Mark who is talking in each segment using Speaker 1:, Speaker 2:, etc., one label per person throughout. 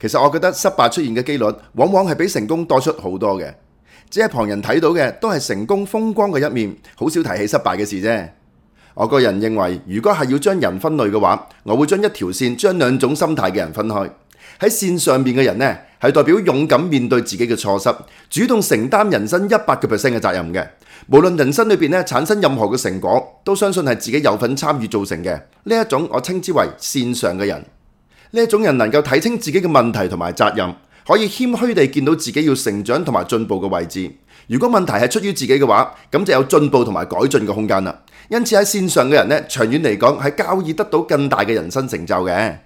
Speaker 1: 其實我覺得失敗出現嘅幾率，往往係比成功多出好多嘅。只係旁人睇到嘅都係成功風光嘅一面，好少提起失敗嘅事啫。我個人認為，如果係要將人分類嘅話，我會將一條線將兩種心態嘅人分開。喺線上面嘅人呢，係代表勇敢面對自己嘅錯失，主動承擔人生一百個 percent 嘅責任嘅。無論人生裏邊咧產生任何嘅成果，都相信係自己有份參與造成嘅。呢一種我稱之為線上嘅人。呢一種人能夠睇清自己嘅問題同埋責任，可以謙虛地見到自己要成長同埋進步嘅位置。如果問題係出於自己嘅話，咁就有進步同埋改進嘅空間啦。因此喺線上嘅人咧，長遠嚟講係交易得到更大嘅人生成就嘅。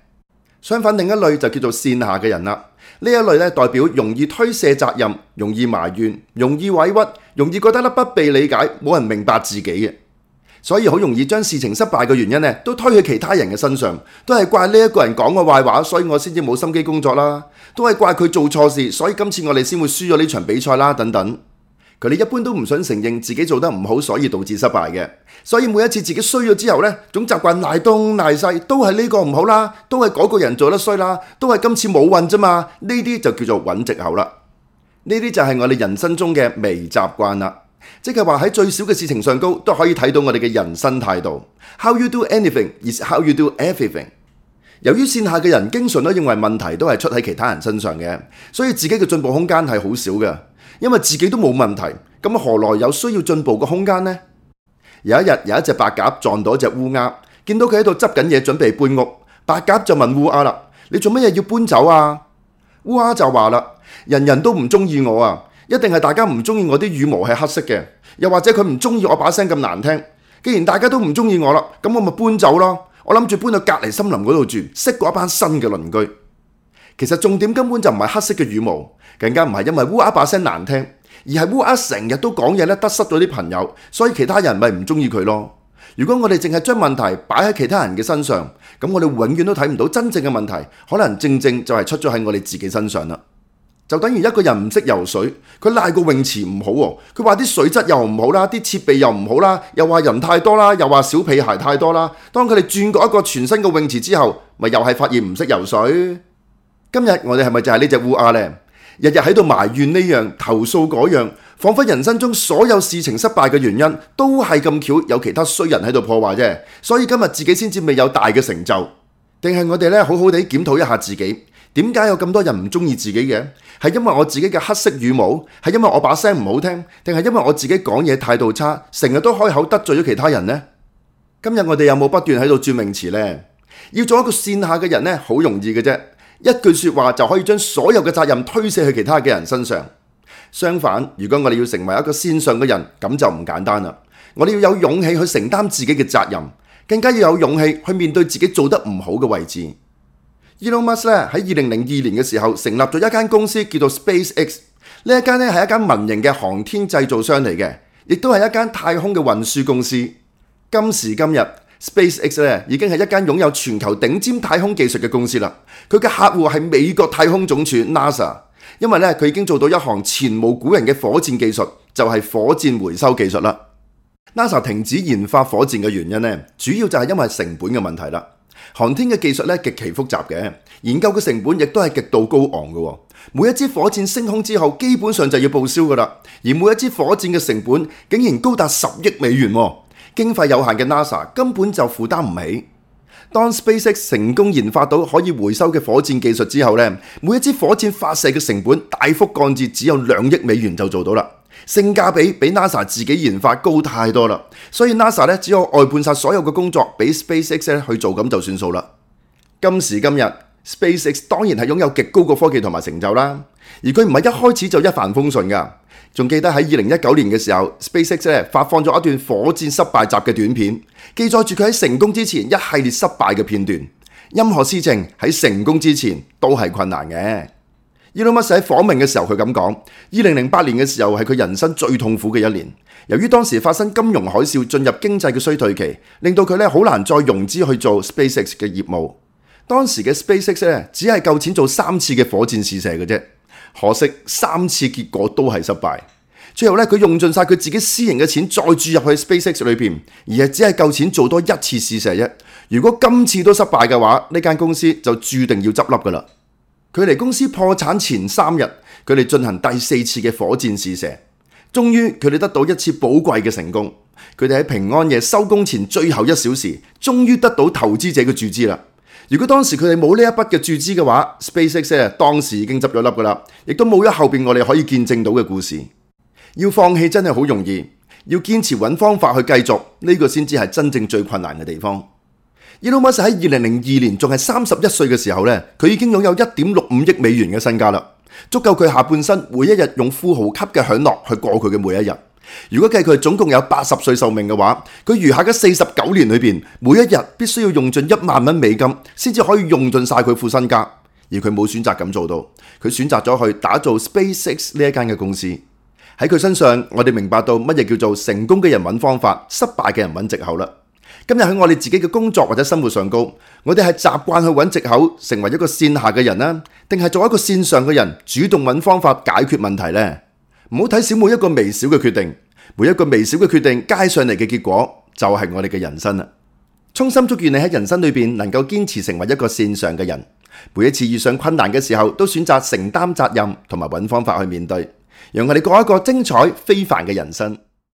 Speaker 1: 相反，另一類就叫做線下嘅人啦。呢一類咧代表容易推卸責任、容易埋怨、容易委屈、容易覺得咧不被理解、冇人明白自己嘅。所以好容易將事情失敗嘅原因咧，都推去其他人嘅身上，都係怪呢一個人講我壞話，所以我先至冇心機工作啦，都係怪佢做錯事，所以今次我哋先會輸咗呢場比賽啦，等等。佢哋一般都唔想承認自己做得唔好，所以導致失敗嘅。所以每一次自己衰咗之後呢，總習慣賴東賴西，都係呢個唔好啦，都係嗰個人做得衰啦，都係今次冇運啫嘛。呢啲就叫做揾藉口啦，呢啲就係我哋人生中嘅微習慣啦。即係話喺最少嘅事情上高都可以睇到我哋嘅人生態度。How you do anything is how you do everything。由於線下嘅人經常都認為問題都係出喺其他人身上嘅，所以自己嘅進步空間係好少嘅，因為自己都冇問題，咁何來有需要進步嘅空間呢？有一日有一隻白鴿撞到一隻烏鴉，見到佢喺度執緊嘢準備搬屋，白鴿就問烏鴉啦：「你做乜嘢要搬走啊？」烏鴉就話啦：「人人都唔中意我啊！一定係大家唔中意我啲羽毛係黑色嘅，又或者佢唔中意我把聲咁難聽。既然大家都唔中意我啦，咁我咪搬走咯。我諗住搬到隔籬森林嗰度住，識過一班新嘅鄰居。其實重點根本就唔係黑色嘅羽毛，更加唔係因為烏鴉把聲難聽，而係烏鴉成日都講嘢咧，得失咗啲朋友，所以其他人咪唔中意佢咯。如果我哋淨係將問題擺喺其他人嘅身上，咁我哋永遠都睇唔到真正嘅問題，可能正正就係出咗喺我哋自己身上啦。就等於一個人唔識游水，佢賴個泳池唔好喎，佢話啲水質又唔好啦，啲設備又唔好啦，又話人太多啦，又話小屁孩太多啦。當佢哋轉過一個全新嘅泳池之後，咪又係發現唔識游水。今日我哋係咪就係呢隻烏鴉呢？日日喺度埋怨呢樣投訴嗰樣，仿佛人生中所有事情失敗嘅原因都係咁巧有其他衰人喺度破壞啫。所以今日自己先至未有大嘅成就，定係我哋咧好好地檢討一下自己。點解有咁多人唔中意自己嘅？係因為我自己嘅黑色羽毛，係因為我把聲唔好聽，定係因為我自己講嘢態度差，成日都開口得罪咗其他人呢？今日我哋有冇不斷喺度轉名詞呢？要做一個線下嘅人呢，好容易嘅啫，一句說話就可以將所有嘅責任推卸去其他嘅人身上。相反，如果我哋要成為一個線上嘅人，咁就唔簡單啦。我哋要有勇氣去承擔自己嘅責任，更加要有勇氣去面對自己做得唔好嘅位置。Elon Musk 咧喺二零零二年嘅時候成立咗一間公司，叫做 SpaceX。呢一間咧係一間民營嘅航天製造商嚟嘅，亦都係一間太空嘅運輸公司。今時今日，SpaceX 咧已經係一間擁有全球頂尖太空技術嘅公司啦。佢嘅客戶係美國太空總署 NASA，因為咧佢已經做到一項前無古人嘅火箭技術，就係火箭回收技術啦。NASA 停止研發火箭嘅原因咧，主要就係因為成本嘅問題啦。航天嘅技術咧極其複雜嘅，研究嘅成本亦都係極度高昂嘅。每一支火箭升空之後，基本上就要報銷㗎喇。而每一支火箭嘅成本竟然高達十億美元，經費有限嘅 NASA 根本就負擔唔起。當 SpaceX 成功研發到可以回收嘅火箭技術之後咧，每一支火箭發射嘅成本大幅降至只有兩億美元就做到啦。性價比比 NASA 自己研發高太多啦，所以 NASA 咧只有外判晒所有嘅工作俾 SpaceX 咧去做，咁就算數啦。今時今日，SpaceX 當然係擁有極高嘅科技同埋成就啦，而佢唔係一開始就一帆風順噶。仲記得喺二零一九年嘅時候，SpaceX 咧發放咗一段火箭失敗集嘅短片，記載住佢喺成功之前一系列失敗嘅片段。任何事情喺成功之前都係困難嘅。Elon Musk 喺訪問嘅時候，佢咁講：二零零八年嘅時候係佢人生最痛苦嘅一年，由於當時發生金融海嘯，進入經濟嘅衰退期，令到佢咧好難再融資去做 SpaceX 嘅業務。當時嘅 SpaceX 咧只係夠錢做三次嘅火箭試射嘅啫，可惜三次結果都係失敗。最後咧，佢用盡晒佢自己私營嘅錢再注入去 SpaceX 裏邊，而係只係夠錢做多一次試射啫。如果今次都失敗嘅話，呢間公司就注定要執笠噶啦。佢哋公司破產前三日，佢哋進行第四次嘅火箭試射，終於佢哋得到一次寶貴嘅成功。佢哋喺平安夜收工前最後一小時，終於得到投資者嘅注資啦。如果當時佢哋冇呢一筆嘅注資嘅話，SpaceX 啊，Space 當時已經執咗笠噶啦，亦都冇咗後邊我哋可以見證到嘅故事。要放棄真係好容易，要堅持揾方法去繼續，呢、這個先至係真正最困難嘅地方。Elon Musk 喺二零零二年仲係三十一歲嘅時候咧，佢已經擁有一點六五億美元嘅身家啦，足夠佢下半生每一日用富豪級嘅享樂去過佢嘅每一日。如果計佢總共有八十歲壽命嘅話，佢餘下嘅四十九年裏邊，每一日必須要用盡一萬蚊美金，先至可以用盡晒佢副身家。而佢冇選擇咁做到，佢選擇咗去打造 SpaceX 呢一間嘅公司。喺佢身上，我哋明白到乜嘢叫做成功嘅人揾方法，失敗嘅人揾藉口啦。今日喺我哋自己嘅工作或者生活上高，我哋係習慣去揾藉口，成為一個線下嘅人啦，定係做一個線上嘅人，主動揾方法解決問題咧？唔好睇小每一個微小嘅決定，每一個微小嘅決定，加上嚟嘅結果就係我哋嘅人生啦。衷心祝願你喺人生裏邊能夠堅持成為一個線上嘅人，每一次遇上困難嘅時候都選擇承擔責任同埋揾方法去面對，讓我哋過一個精彩非凡嘅人生。